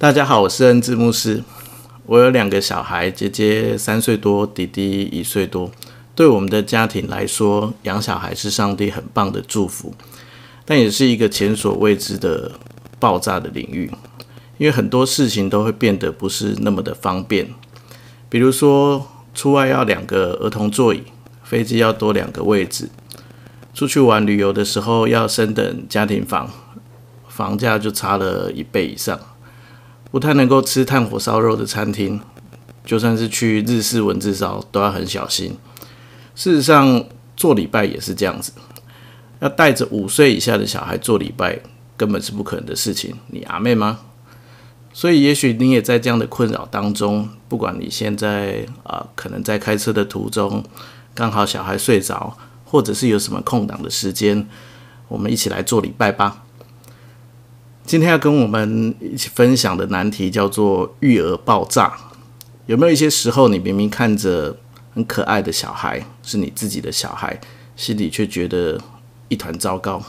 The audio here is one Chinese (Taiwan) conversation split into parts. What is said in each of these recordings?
大家好，我是恩智牧師。我有兩個小孩，姐姐三歲多，弟弟一歲多。對我們的家庭來說，養小孩是上帝很棒的祝福，但也是一個前所未知的爆炸的領域，因為很多事情都會變得不是那麼的方便。比如說，出外要兩個兒童座椅，飛機要多兩個位置，出去玩旅遊的時候要升等家庭房，房價就差了一倍以上。不太能夠吃炭火燒肉的餐廳，就算是去日式文字燒都要很小心。事實上，做禮拜也是這樣子，要帶着五歲以下的小孩做禮拜，根本是不可能的事情。你阿們嗎？所以，也許你也在這樣的困擾當中。不管你現在啊、呃，可能在開車的途中，剛好小孩睡着，或者是有什麼空檔的時間，我們一起來做禮拜吧。今天要跟我們一起分享的難題叫做“育兒爆炸”。有沒有一些時候，你明明看着很可愛的小孩，是你自己的小孩，心裡卻覺得一團糟糕？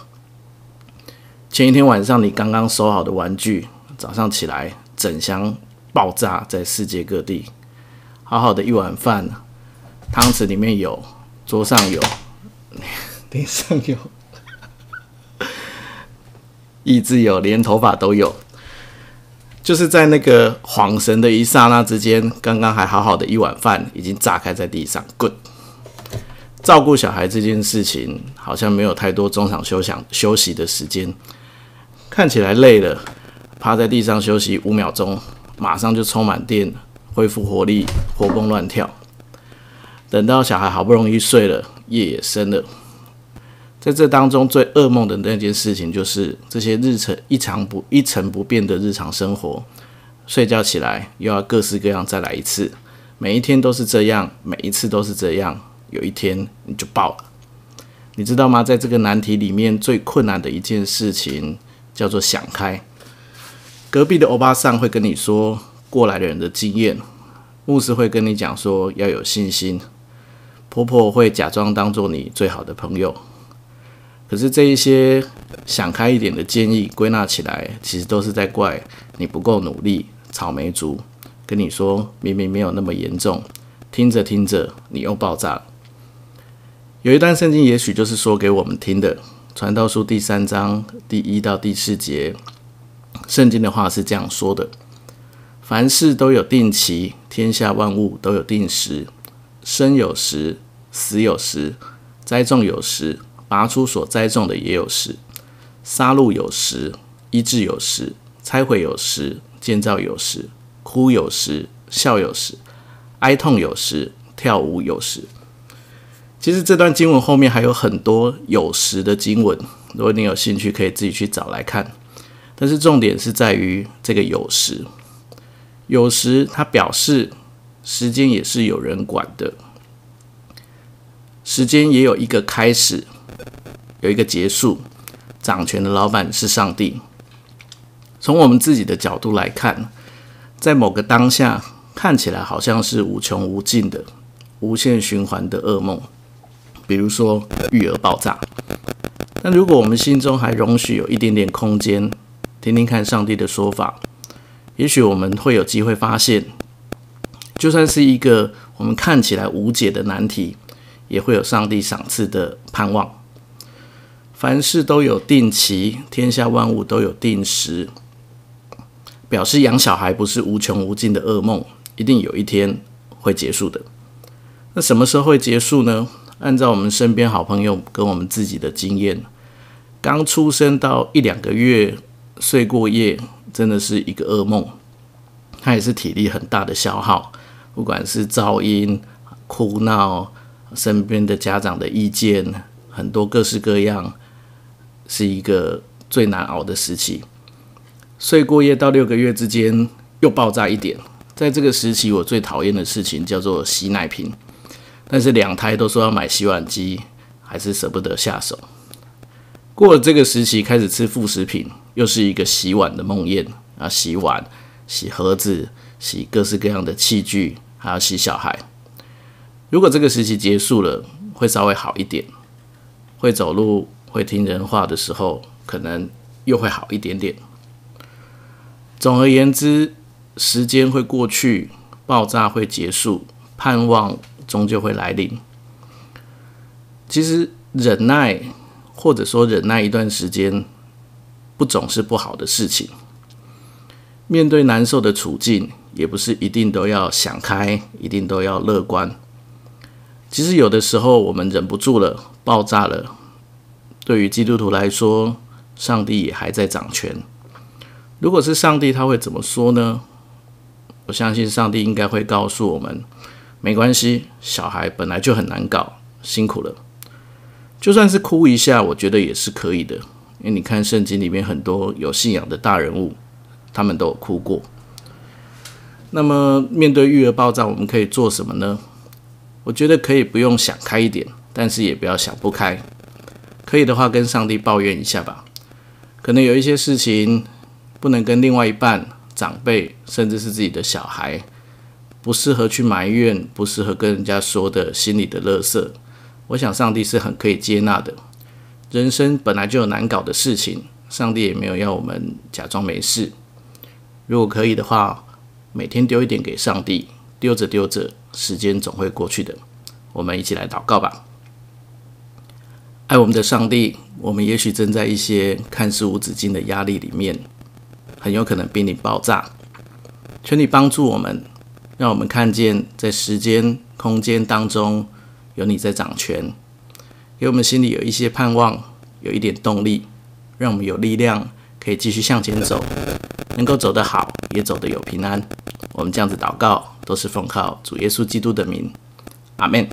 前一天晚上你剛剛收好的玩具，早上起來整箱爆炸在世界各地。好好的一碗飯，湯匙裡面有，桌上有，冰上有。一直有，連頭髮都有。就是在那個恍神的一剎那之間，剛剛還好好的一碗飯已經炸開在地上。Good，照顧小孩這件事情好像沒有太多中場休息休息的時間，看起來累了，趴在地上休息五秒鐘，馬上就充滿電，恢復活力，活蹦亂跳。等到小孩好不容易睡了，夜也深了。在這當中最噩夢的那件事情，就是這些日程一成不一成不變的日常生活，睡覺起來又要各式各樣再來一次，每一天都是這樣，每一次都是這樣。有一天你就爆了，你知道嗎？在這個難題裡面最困難的一件事情叫做想開。隔壁的歐巴桑會跟你說過來的人的經驗，牧師會跟你講說要有信心，婆婆會假裝當做你最好的朋友。可是這一些想開一點的建議，歸納起來，其實都是在怪你不夠努力。草莓族跟你說，明明沒有那麼嚴重，聽着聽着你又爆炸了。有一段聖經，也許就是說給我們聽的，《傳道書》第三章第一到第四節，聖經的話是這樣說的：凡事都有定期，天下萬物都有定時，生有時，死有時，栽種有時。拔出所栽種的也有時，殺戮有時，醫治有時，拆毀有時，建造有時，哭有時，笑有時，哀痛有時，跳舞有時。其實這段經文後面還有很多有時的經文，如果你有興趣，可以自己去找來看。但是重點是在於這個有時，有時它表示時間也是有人管的，時間也有一個開始，有一個結束，掌權的老闆是上帝。從我們自己的角度來看，在某個當下看起來好像是無窮無盡的、無限循環的噩夢，比如說育兒爆炸。那如果我們心中還容許有一點點空間，聽聽看上帝的說法，也許我們會有機會發現，就算是一個我們看起來無解的難題，也會有上帝賞賜的盼望。凡事都有定期，天下萬物都有定時，表示養小孩不是無窮無盡的噩夢，一定有一天會結束的。那什麼時候會結束呢？按照我們身邊好朋友跟我們自己的經驗，剛出生到一兩個月睡過夜，真的是一個噩夢。他也是體力很大的消耗，不管是噪音、哭鬧、身邊的家長的意見，很多各式各樣。是一個最難熬的時期，睡過夜到六個月之間又爆炸一點。在這個時期，我最討厭的事情叫做洗奶瓶。但是兩胎都說要買洗碗機，還是捨不得下手。過了這個時期，開始吃副食品，又是一個洗碗的夢魘啊！洗碗、洗盒子、洗各式各樣的器具，還要洗小孩。如果這個時期結束了，會稍微好一點，會走路。會聽人話的時候，可能又會好一點點。總而言之，時間會過去，爆炸會結束，盼望終究會來臨。其實忍耐，或者說忍耐一段時間，不總是不好的事情。面對難受的處境，也不是一定都要想開，一定都要樂觀。其實有的時候，我們忍不住了，爆炸了。對於基督徒來說，上帝也還在掌權。如果是上帝，他會怎麼說呢？我相信上帝應該會告訴我們：“沒關係，小孩本來就很難搞，辛苦了。就算是哭一下，我覺得也是可以的。”因為你看聖經裡面很多有信仰的大人物，他們都有哭過。那麼面對育兒爆炸，我們可以做什麼呢？我覺得可以不用想開一點，但是也不要想不開。可以的話，跟上帝抱怨一下吧。可能有一些事情不能跟另外一半、長輩，甚至是自己的小孩，不適合去埋怨，不適合跟人家說的心裡的垃圾。我想上帝是很可以接納的。人生本來就有難搞的事情，上帝也沒有要我們假裝沒事。如果可以的話，每天丟一點給上帝，丟着丟着，時間總會過去的。我們一起來禱告吧。愛我們的上帝，我們也許正在一些看似無止境的壓力裡面，很有可能瀕臨爆炸。求你幫助我們，讓我們看見在時間、空間當中有你在掌權，給我們心裡有一些盼望，有一點動力，讓我們有力量可以繼續向前走，能夠走得好，也走得有平安。我們這樣子禱告，都是奉靠主耶穌基督的名，阿門。